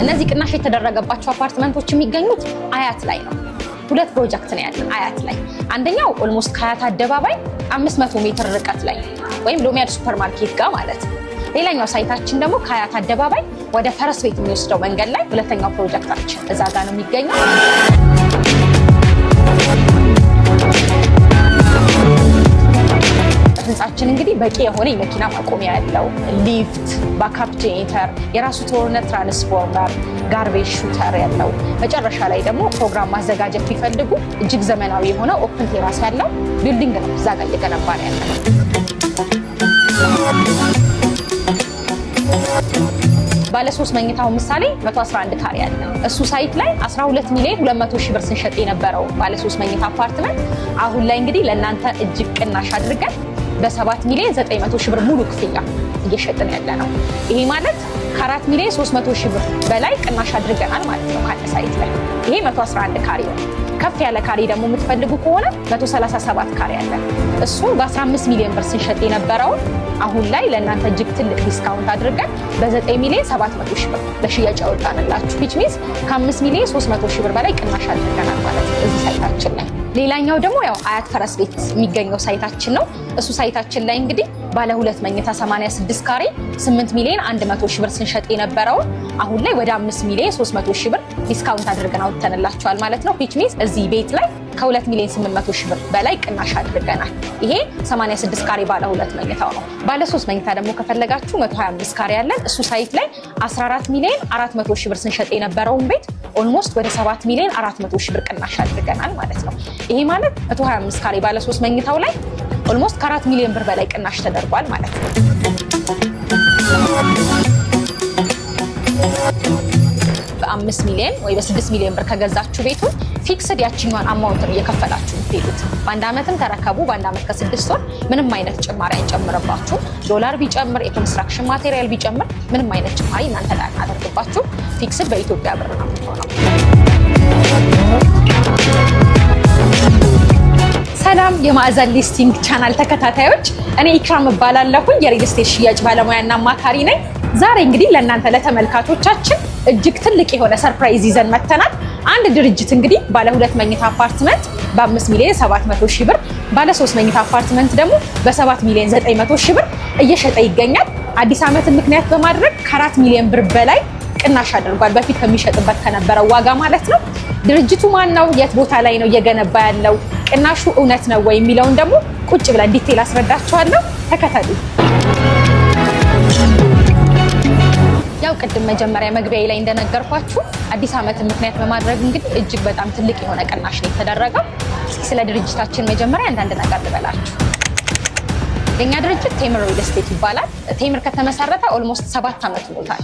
እነዚህ ቅናሽ የተደረገባቸው አፓርትመንቶች የሚገኙት አያት ላይ ነው። ሁለት ፕሮጀክት ነው ያለን አያት ላይ። አንደኛው ኦልሞስት ከአያት አደባባይ 500 ሜትር ርቀት ላይ ወይም ሎሚያድ ሱፐር ማርኬት ጋር ማለት ነው። ሌላኛው ሳይታችን ደግሞ ከአያት አደባባይ ወደ ፈረስ ቤት የሚወስደው መንገድ ላይ ሁለተኛው ፕሮጀክታችን እዛ ጋር ነው የሚገኘው። ሀገራችን እንግዲህ በቂ የሆነ የመኪና ማቆሚያ ያለው ሊፍት፣ ባካፕ ጄኔተር፣ የራሱ ተወርነ ትራንስፎርመር፣ ጋርቤጅ ሹተር ያለው መጨረሻ ላይ ደግሞ ፕሮግራም ማዘጋጀት ቢፈልጉ እጅግ ዘመናዊ የሆነ ኦፕን ቴራስ ያለው ቢልዲንግ ነው እዛ ጋር እየገነባ ነው ያለ። ባለ ሶስት መኝታው ምሳሌ 111 ካሬ ያለ እሱ ሳይት ላይ 12 ሚሊዮን 200 ሺህ ብር ስንሸጥ የነበረው ባለ ሶስት መኝታ አፓርትመንት አሁን ላይ እንግዲህ ለእናንተ እጅግ ቅናሽ አድርገን በ7 ሚሊዮን 900 ሺህ ብር ሙሉ ክፍያ እየሸጥን ያለ ነው። ይሄ ማለት ከአራት ሚሊዮን 300 ሺህ ብር በላይ ቅናሽ አድርገናል ማለት ነው ሳይት ላይ ይሄ 111 ካሬ ነው። ከፍ ያለ ካሬ ደግሞ የምትፈልጉ ከሆነ 137 ካሬ አለ። እሱ በ15 ሚሊዮን ብር ስንሸጥ የነበረውን አሁን ላይ ለእናንተ እጅግ ትልቅ ዲስካውንት አድርገን በ9 ሚሊዮን 700 ሺህ ብር ለሽያጭ ያወጣንላችሁ ዊች ከ5 ሚሊዮን 300 ሺህ ብር በላይ ቅናሽ አድርገናል ማለት ነው እዚህ ሳይታችን ላይ። ሌላኛው ደግሞ ያው አያት ፈረስ ቤት የሚገኘው ሳይታችን ነው። እሱ ሳይታችን ላይ እንግዲህ ባለ ሁለት መኝታ 86 ካሬ 8 ሚሊዮን 100 ሺህ ብር ስንሸጥ የነበረውን አሁን ላይ ወደ አምስት ሚሊዮን ሶስት መቶ ብር ዲስካውንት አድርገን አውጥተንላቸዋል ማለት ነው። ዊች ሚንስ እዚህ ቤት ላይ ከሁለት ሚሊዮን ስምንት መቶ ብር በላይ ቅናሽ አድርገናል። ይሄ 86 ካሬ ባለ ሁለት መኝታው ነው። ባለ ሶስት መኝታ ደግሞ ከፈለጋችሁ 125 ካሬ ያለን እሱ ሳይት ላይ 14 ሚሊዮን 400 ሺህ ብር ስንሸጥ የነበረውን ቤት ኦልሞስት ወደ 7 ሚሊዮን 400 ሺህ ብር ቅናሽ አድርገናል ማለት ነው። ይሄ ማለት 125 ካሬ ባለ ሶስት መኝታው ላይ ኦልሞስት ከአራት ሚሊዮን ብር በላይ ቅናሽ ተደርጓል ማለት ነው። በአምስት ሚሊዮን ወይ በስድስት ሚሊዮን ብር ከገዛችሁ ቤቱን ፊክስድ ያችኛዋን አማውንት ነው እየከፈላችሁ የምትሄዱት። በአንድ ዓመትም ተረከቡ። በአንድ ዓመት ከስድስት ወር ምንም አይነት ጭማሪ አይጨምርባችሁ። ዶላር ቢጨምር፣ የኮንስትራክሽን ማቴሪያል ቢጨምር ምንም አይነት ጭማሪ እናንተ ላይ አደርግባችሁ። ፊክስድ በኢትዮጵያ ብር ነው የምትሆነው። ሰላም የማዕዘን ሊስቲንግ ቻናል ተከታታዮች፣ እኔ ኢክራም እባላለሁኝ የሪል ስቴት ሽያጭ ባለሙያና አማካሪ ነኝ። ዛሬ እንግዲህ ለእናንተ ለተመልካቾቻችን እጅግ ትልቅ የሆነ ሰርፕራይዝ ይዘን መጥተናል። አንድ ድርጅት እንግዲህ ባለ ሁለት መኝታ አፓርትመንት በ5 ሚሊዮን 700 ሺህ ብር፣ ባለ 3 መኝታ አፓርትመንት ደግሞ በ7 ሚሊዮን 900 ሺህ ብር እየሸጠ ይገኛል። አዲስ ዓመትን ምክንያት በማድረግ ከአራት ሚሊዮን ብር በላይ ቅናሽ አድርጓል። በፊት ከሚሸጥበት ከነበረው ዋጋ ማለት ነው። ድርጅቱ ማን ነው? የት ቦታ ላይ ነው እየገነባ ያለው? ቅናሹ እውነት ነው ወይ የሚለውን ደግሞ ቁጭ ብለን ዲቴል አስረዳችኋለሁ። ተከተሉ። ቅድም መጀመሪያ መግቢያ ላይ እንደነገርኳችሁ አዲስ ዓመትን ምክንያት በማድረግ እንግዲህ እጅግ በጣም ትልቅ የሆነ ቅናሽ ነው የተደረገው። እስኪ ስለ ድርጅታችን መጀመሪያ አንዳንድ ነገር ልበላችሁ። የኛ ድርጅት ቴምር ሪል ስቴት ይባላል። ቴምር ከተመሰረተ ኦልሞስት ሰባት ዓመት ሞታል።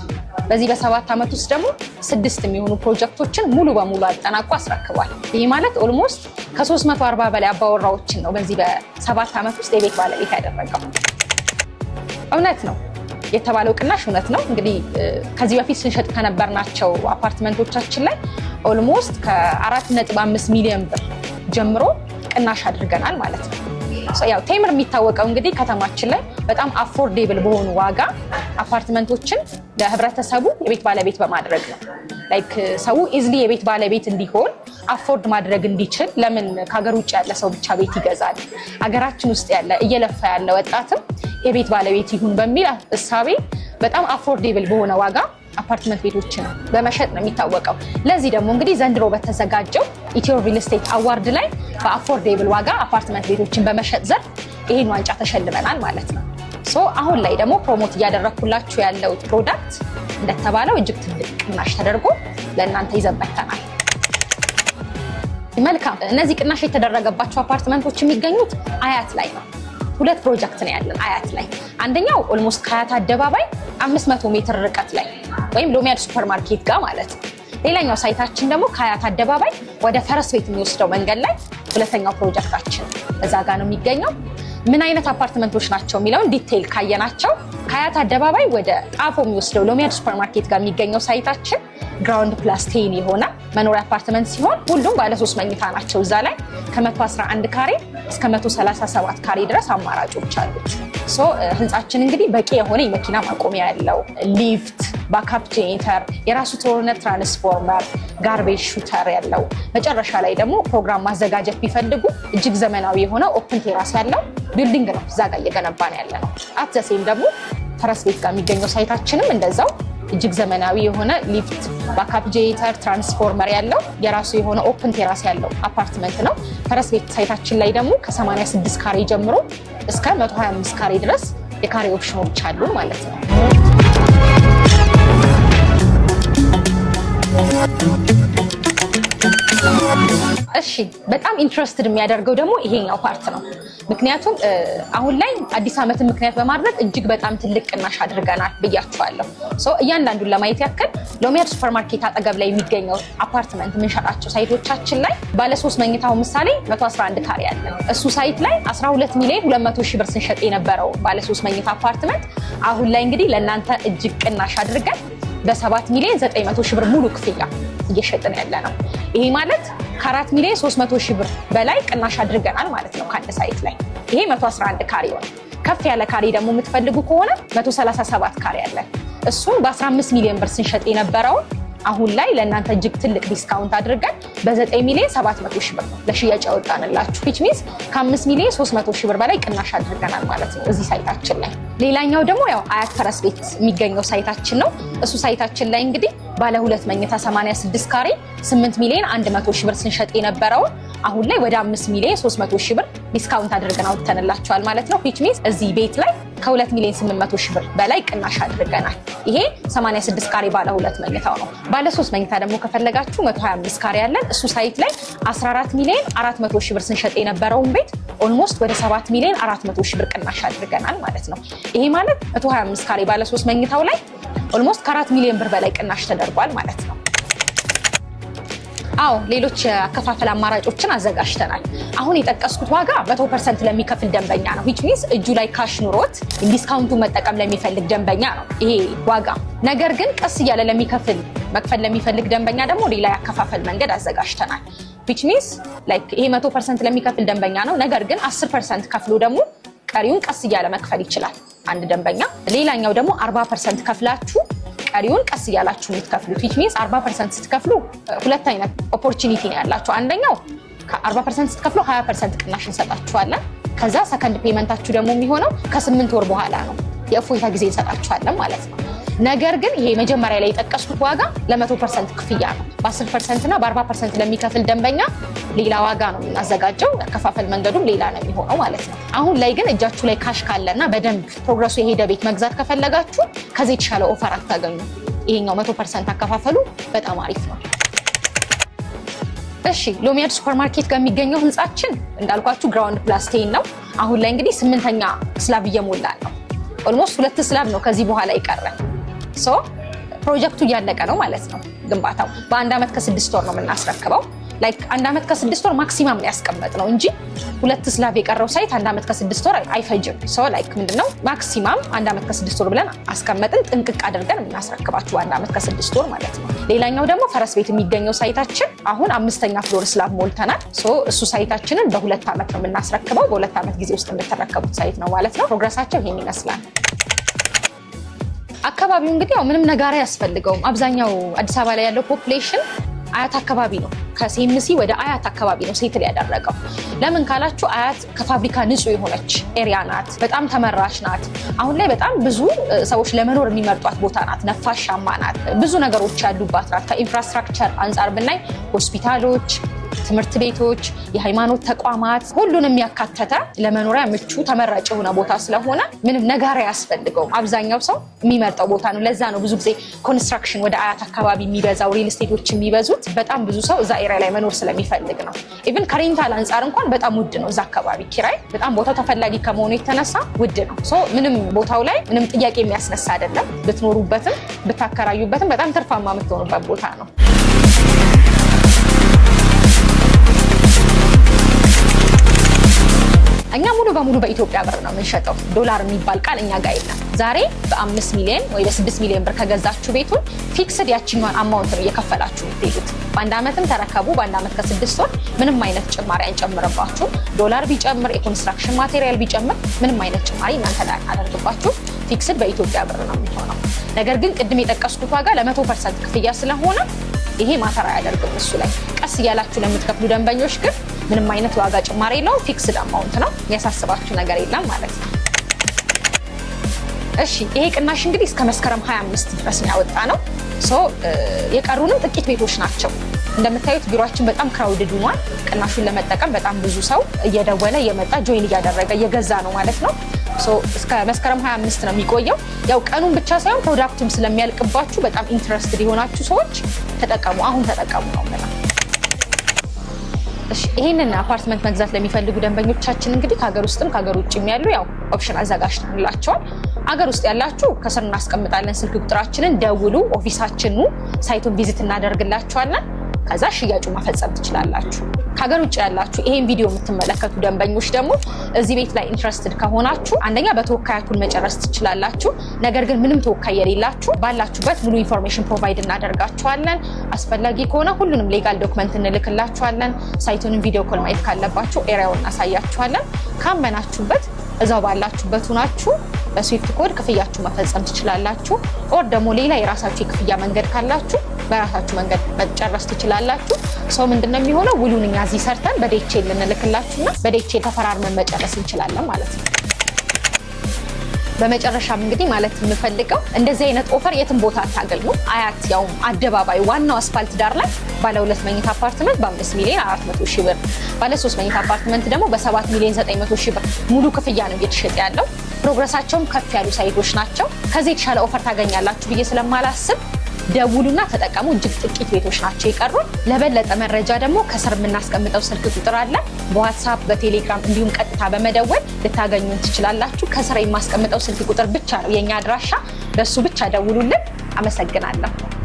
በዚህ በሰባት ዓመት ውስጥ ደግሞ ስድስት የሚሆኑ ፕሮጀክቶችን ሙሉ በሙሉ አጠናቆ አስረክቧል። ይህ ማለት ኦልሞስት ከ340 በላይ አባወራዎችን ነው በዚህ በሰባት ዓመት ውስጥ የቤት ባለቤት ያደረገው። እውነት ነው የተባለው ቅናሽ እውነት ነው። እንግዲህ ከዚህ በፊት ስንሸጥ ከነበርናቸው አፓርትመንቶቻችን ላይ ኦልሞስት ከ4.5 ሚሊዮን ብር ጀምሮ ቅናሽ አድርገናል ማለት ነው። ያው ቴምር የሚታወቀው እንግዲህ ከተማችን ላይ በጣም አፎርዴብል በሆኑ ዋጋ አፓርትመንቶችን ለህብረተሰቡ የቤት ባለቤት በማድረግ ነው። ላይክ ሰው ኢዝሊ የቤት ባለቤት እንዲሆን አፎርድ ማድረግ እንዲችል ለምን ከሀገር ውጭ ያለ ሰው ብቻ ቤት ይገዛል? ሀገራችን ውስጥ ያለ እየለፋ ያለ ወጣትም የቤት ባለቤት ይሁን በሚል እሳቤ በጣም አፎርዴብል በሆነ ዋጋ አፓርትመንት ቤቶችን በመሸጥ ነው የሚታወቀው። ለዚህ ደግሞ እንግዲህ ዘንድሮ በተዘጋጀው ኢትዮ ሪል ስቴት አዋርድ ላይ በአፎርዴብል ዋጋ አፓርትመንት ቤቶችን በመሸጥ ዘርፍ ይህን ዋንጫ ተሸልመናል ማለት ነው። ሶ አሁን ላይ ደግሞ ፕሮሞት እያደረግኩላችሁ ያለው ፕሮዳክት እንደተባለው እጅግ ትልቅ ቅናሽ ተደርጎ ለእናንተ ይዘን መጥተናል። መልካም። እነዚህ ቅናሽ የተደረገባቸው አፓርትመንቶች የሚገኙት አያት ላይ ነው። ሁለት ፕሮጀክት ነው ያለን አያት ላይ። አንደኛው ኦልሞስት ከአያት አደባባይ 500 ሜትር ርቀት ላይ ወይም ሎሚያድ ሱፐር ማርኬት ጋር ማለት ነው። ሌላኛው ሳይታችን ደግሞ ከአያት አደባባይ ወደ ፈረስ ቤት የሚወስደው መንገድ ላይ ሁለተኛው ፕሮጀክታችን እዛ ጋር ነው የሚገኘው። ምን አይነት አፓርትመንቶች ናቸው የሚለውን ዲቴይል ካየናቸው ከአያት አደባባይ ወደ ጣፎ የሚወስደው ሎሚያድ ሱፐርማርኬት ጋር የሚገኘው ሳይታችን ግራውንድ ፕላስ ቴን የሆነ መኖሪያ አፓርትመንት ሲሆን ሁሉም ባለ ሶስት መኝታ ናቸው። እዛ ላይ ከ111 ካሬ እስከ 137 ካሬ ድረስ አማራጮች አሉት። ሶ ህንፃችን እንግዲህ በቂ የሆነ የመኪና ማቆሚያ ያለው ሊፍት፣ ባካፕ ጄኔተር፣ የራሱ ተሆነ ትራንስፎርመር፣ ጋርቤጅ ሹተር ያለው መጨረሻ ላይ ደግሞ ፕሮግራም ማዘጋጀት ቢፈልጉ እጅግ ዘመናዊ የሆነ ኦፕን ቴራስ ያለው ቢልዲንግ ነው እዛ ጋር እየገነባ ነው ያለ ነው። አት ዘ ሴም ደግሞ ፈረስ ቤት ጋር የሚገኘው ሳይታችንም እንደዛው እጅግ ዘመናዊ የሆነ ሊፍት፣ ባካፕ ትራንስፎርመር ያለው የራሱ የሆነ ኦፕን ቴራስ ያለው አፓርትመንት ነው። ፈረስ ቤት ሳይታችን ላይ ደግሞ ከ86 ካሬ ጀምሮ እስከ 125 ካሬ ድረስ የካሬ ኦፕሽኖች አሉ ማለት ነው። እሺ፣ በጣም ኢንትረስትድ የሚያደርገው ደግሞ ይሄኛው ፓርት ነው። ምክንያቱም አሁን ላይ አዲስ ዓመትን ምክንያት በማድረግ እጅግ በጣም ትልቅ ቅናሽ አድርገናል ብያችኋለሁ። እያንዳንዱን ለማየት ያክል ሎሚያድ ሱፐርማርኬት አጠገብ ላይ የሚገኘው አፓርትመንት የምንሸጣቸው ሳይቶቻችን ላይ ባለሶስት መኝታ አሁን ምሳሌ 111 ካሬ ያለ እሱ ሳይት ላይ 12 ሚሊዮን 200 ሺህ ብር ስንሸጥ የነበረው ባለሶስት መኝታ አፓርትመንት አሁን ላይ እንግዲህ ለእናንተ እጅግ ቅናሽ አድርገን በ7 ሚሊዮን 900 ሺህ ብር ሙሉ ክፍያ እየሸጥን ያለ ነው። ይሄ ማለት ከአራት ሚሊዮን 300 ሺህ ብር በላይ ቅናሽ አድርገናል ማለት ነው ከአንድ ሳይት ላይ ይሄ 111 ካሬ ሆነ። ከፍ ያለ ካሬ ደግሞ የምትፈልጉ ከሆነ 137 ካሬ አለን። እሱም በ15 ሚሊዮን ብር ስንሸጥ የነበረውን አሁን ላይ ለእናንተ እጅግ ትልቅ ዲስካውንት አድርገን በ9 ሚሊዮን 700 ሺ ብር ነው ለሽያጭ ያወጣንላችሁ። ዊች ሚንስ ከ5 ሚሊዮን 300 ሺ ብር በላይ ቅናሽ አድርገናል ማለት ነው እዚህ ሳይታችን ላይ። ሌላኛው ደግሞ ያው አያት ፈረስ ቤት የሚገኘው ሳይታችን ነው። እሱ ሳይታችን ላይ እንግዲህ ባለ ሁለት መኝታ 86 ካሬ 8 ሚሊዮን 100 ሺ ብር ስንሸጥ የነበረውን አሁን ላይ ወደ 5 ሚሊዮን 300 ሺ ብር ዲስካውንት አድርገን አውጥተንላችኋል ማለት ነው። ዊች ሚንስ እዚህ ቤት ላይ ከ2 ሚሊዮን 800 ሺህ ብር በላይ ቅናሽ አድርገናል። ይሄ 86 ካሬ ባለ ሁለት መኝታው ነው። ባለ ሶስት መኝታ ደግሞ ከፈለጋችሁ 125 ካሬ ያለን እሱ ሳይት ላይ 14 ሚሊዮን 400 ሺህ ብር ስንሸጥ የነበረውን ቤት ኦልሞስት ወደ 7 ሚሊዮን 400 ሺህ ብር ቅናሽ አድርገናል ማለት ነው። ይሄ ማለት 125 ካሬ ባለ ሶስት መኝታው ላይ ኦልሞስት ከ4 ሚሊዮን ብር በላይ ቅናሽ ተደርጓል ማለት ነው። አዎ ሌሎች የአከፋፈል አማራጮችን አዘጋጅተናል። አሁን የጠቀስኩት ዋጋ ፐርሰንት ለሚከፍል ደንበኛ ነው። ዊች ሚንስ እጁ ላይ ካሽ ኑሮት ዲስካውንቱን መጠቀም ለሚፈልግ ደንበኛ ነው ይሄ ዋጋ። ነገር ግን ቀስ እያለ ለሚከፍል መክፈል ለሚፈልግ ደንበኛ ደግሞ ሌላ የአከፋፈል መንገድ አዘጋጅተናል። ዊች ሚንስ ይሄ መቶ ፐርሰንት ለሚከፍል ደንበኛ ነው። ነገር ግን ፐርሰንት ከፍሎ ደግሞ ቀሪውን ቀስ እያለ መክፈል ይችላል አንድ ደንበኛ። ሌላኛው ደግሞ ፐርሰንት ከፍላችሁ ቀሪውን ቀስ እያላችሁ የምትከፍሉት ዊች ሚንስ 40 ፐርሰንት ስትከፍሉ ሁለት አይነት ኦፖርቹኒቲ ነው ያላችሁ። አንደኛው ከ40 ፐርሰንት ስትከፍሉ 20 ፐርሰንት ቅናሽ እንሰጣችኋለን። ከዛ ሰከንድ ፔመንታችሁ ደግሞ የሚሆነው ከስምንት ወር በኋላ ነው። የእፎይታ ጊዜ እንሰጣችኋለን ማለት ነው። ነገር ግን ይሄ መጀመሪያ ላይ የጠቀስኩት ዋጋ ለመቶ ፐርሰንት ክፍያ ነው። በ10 ፐርሰንት እና በ40 ፐርሰንት ለሚከፍል ደንበኛ ሌላ ዋጋ ነው የምናዘጋጀው። አከፋፈል መንገዱም ሌላ ነው የሚሆነው ማለት ነው። አሁን ላይ ግን እጃችሁ ላይ ካሽ ካለና በደንብ ፕሮግረሱ የሄደ ቤት መግዛት ከፈለጋችሁ ከዚህ የተሻለ ኦፈር አታገኙ። ይሄኛው መቶ ፐርሰንት አከፋፈሉ በጣም አሪፍ ነው። እሺ ሎሚያድ ሱፐር ማርኬት ከሚገኘው ህንፃችን እንዳልኳችሁ ግራውንድ ፕላስ ቴን ነው። አሁን ላይ እንግዲህ ስምንተኛ ስላብ እየሞላ ነው። ኦልሞስት ሁለት ስላብ ነው ከዚህ በኋላ ይቀራል። ሶ ፕሮጀክቱ እያለቀ ነው ማለት ነው። ግንባታው በአንድ ዓመት ከስድስት ወር ነው የምናስረክበው። ላይክ አንድ ዓመት ከስድስት ወር ማክሲማም ነው ያስቀመጥ ነው እንጂ ሁለት ስላቭ የቀረው ሳይት አንድ ዓመት ከስድስት ወር አይፈጅም። ሶ ላይክ ምንድነው ማክሲማም አንድ ዓመት ከስድስት ወር ብለን አስቀመጥን። ጥንቅቅ አድርገን የምናስረክባችሁ በአንድ ዓመት ከስድስት ወር ማለት ነው። ሌላኛው ደግሞ ፈረስ ቤት የሚገኘው ሳይታችን አሁን አምስተኛ ፍሎር ስላቭ ሞልተናል። ሶ እሱ ሳይታችንን በሁለት ዓመት ነው የምናስረክበው። በሁለት ዓመት ጊዜ ውስጥ የምትረከቡት ሳይት ነው ማለት ነው። ፕሮግረሳቸው ይሄን ይመስላል። አካባቢው እንግዲህ ያው ምንም ነጋሪ አያስፈልገውም። አብዛኛው አዲስ አበባ ላይ ያለው ፖፕሌሽን አያት አካባቢ ነው። ከሴምሲ ወደ አያት አካባቢ ነው ሴትል ያደረገው። ለምን ካላችሁ አያት ከፋብሪካ ንጹህ የሆነች ኤሪያ ናት። በጣም ተመራሽ ናት። አሁን ላይ በጣም ብዙ ሰዎች ለመኖር የሚመርጧት ቦታ ናት። ነፋሻማ ናት። ብዙ ነገሮች ያሉባት ናት። ከኢንፍራስትራክቸር አንጻር ብናይ ሆስፒታሎች ትምህርት ቤቶች፣ የሃይማኖት ተቋማት ሁሉንም ያካተተ ለመኖሪያ ምቹ ተመራጭ የሆነ ቦታ ስለሆነ ምንም ነጋሪ አያስፈልገውም። አብዛኛው ሰው የሚመርጠው ቦታ ነው። ለዛ ነው ብዙ ጊዜ ኮንስትራክሽን ወደ አያት አካባቢ የሚበዛው ሪል ስቴቶች የሚበዙት በጣም ብዙ ሰው እዛ ኤሪያ ላይ መኖር ስለሚፈልግ ነው። ኢቭን ከሬንታል አንጻር እንኳን በጣም ውድ ነው። እዛ አካባቢ ኪራይ በጣም ቦታው ተፈላጊ ከመሆኑ የተነሳ ውድ ነው። ሶ ምንም ቦታው ላይ ምንም ጥያቄ የሚያስነሳ አይደለም። ብትኖሩበትም ብታከራዩበትም በጣም ትርፋማ የምትሆኑበት ቦታ ነው። እኛ ሙሉ በሙሉ በኢትዮጵያ ብር ነው የምንሸጠው። ዶላር የሚባል ቃል እኛ ጋር የለም። ዛሬ በአምስት ሚሊዮን ወይ በስድስት ሚሊዮን ብር ከገዛችሁ ቤቱን ፊክስድ ያችኛዋን አማውንት ነው እየከፈላችሁ ቤቱት። በአንድ ዓመትም ተረከቡ። በአንድ ዓመት ከስድስት ወር ምንም አይነት ጭማሪ አንጨምርባችሁ። ዶላር ቢጨምር፣ የኮንስትራክሽን ማቴሪያል ቢጨምር ምንም አይነት ጭማሪ እናንተ ላይ አደርግባችሁ። ፊክስድ በኢትዮጵያ ብር ነው የሚሆነው። ነገር ግን ቅድም የጠቀስኩት ዋጋ ለመቶ ፐርሰንት ክፍያ ስለሆነ ይሄ ማተራ አያደርግም እሱ ላይ ቀስ እያላችሁ ለምትከፍሉ ደንበኞች ግን ምንም አይነት ዋጋ ጭማሪ የለውም። ፊክስድ አማውንት ነው። የሚያሳስባችሁ ነገር የለም ማለት ነው። እሺ ይሄ ቅናሽ እንግዲህ እስከ መስከረም 25 ድረስ ነው ያወጣ ነው። ሶ የቀሩንም ጥቂት ቤቶች ናቸው። እንደምታዩት ቢሮችን በጣም ክራውድድ ሆኗል። ቅናሹን ለመጠቀም በጣም ብዙ ሰው እየደወለ እየመጣ ጆይን እያደረገ እየገዛ ነው ማለት ነው። እስከ መስከረም 25 ነው የሚቆየው። ያው ቀኑን ብቻ ሳይሆን ፕሮዳክቱም ስለሚያልቅባችሁ በጣም ኢንትረስትድ የሆናችሁ ሰዎች ተጠቀሙ፣ አሁን ተጠቀሙ ነው ምናምን ይህንን አፓርትመንት መግዛት ለሚፈልጉ ደንበኞቻችን እንግዲህ ከሀገር ውስጥም ከሀገር ውጭም ያሉ ያው ኦፕሽን አዘጋጅተንላቸዋል። ሀገር ውስጥ ያላችሁ ከስር እናስቀምጣለን ስልክ ቁጥራችንን፣ ደውሉ፣ ኦፊሳችኑ ሳይቱን ቪዚት እናደርግላቸዋለን። ከዛ ሽያጩ መፈጸም ትችላላችሁ። ከሀገር ውጭ ያላችሁ ይሄን ቪዲዮ የምትመለከቱ ደንበኞች ደግሞ እዚህ ቤት ላይ ኢንትረስትድ ከሆናችሁ አንደኛ በተወካያችሁን መጨረስ ትችላላችሁ። ነገር ግን ምንም ተወካይ የሌላችሁ ባላችሁበት ሙሉ ኢንፎርሜሽን ፕሮቫይድ እናደርጋችኋለን። አስፈላጊ ከሆነ ሁሉንም ሌጋል ዶክመንት እንልክላችኋለን። ሳይቱንም ቪዲዮ ኮል ማየት ካለባችሁ ኤሪያውን እናሳያችኋለን። ካመናችሁበት እዛው ባላችሁበት ሁናችሁ በስዊፍት ኮድ ክፍያችሁ መፈጸም ትችላላችሁ። ኦር ደግሞ ሌላ የራሳችሁ የክፍያ መንገድ ካላችሁ በራሳችሁ መንገድ መጨረስ ትችላላችሁ። ሰው ምንድን ነው የሚሆነው? ውሉን እኛ እዚህ ሰርተን በዴቼ ልንልክላችሁና በዴቼ ተፈራርመን መጨረስ እንችላለን ማለት ነው። በመጨረሻም እንግዲህ ማለት የምፈልገው እንደዚህ አይነት ኦፈር የትም ቦታ አታገልሙ። አያት ያውም አደባባይ ዋናው አስፋልት ዳር ላይ ባለ ሁለት መኝታ አፓርትመንት በአምስት ሚሊዮን አራት ሺህ ብር፣ ባለ ሶስት መኝታ አፓርትመንት ደግሞ በ7 ሚሊዮን 900 ሺህ ብር ሙሉ ክፍያ ነው እየተሸጠ ያለው። ፕሮግረሳቸውም ከፍ ያሉ ሳይቶች ናቸው። ከዚህ የተሻለ ኦፈር ታገኛላችሁ ብዬ ስለማላስብ ደውሉና ተጠቀሙ። እጅግ ጥቂት ቤቶች ናቸው የቀሩ። ለበለጠ መረጃ ደግሞ ከስር የምናስቀምጠው ስልክ ቁጥር አለ። በዋትሳፕ በቴሌግራም እንዲሁም ቀጥታ በመደወል ልታገኙን ትችላላችሁ። ከስር የማስቀምጠው ስልክ ቁጥር ብቻ ነው የእኛ አድራሻ፣ በእሱ ብቻ ደውሉልን። አመሰግናለሁ።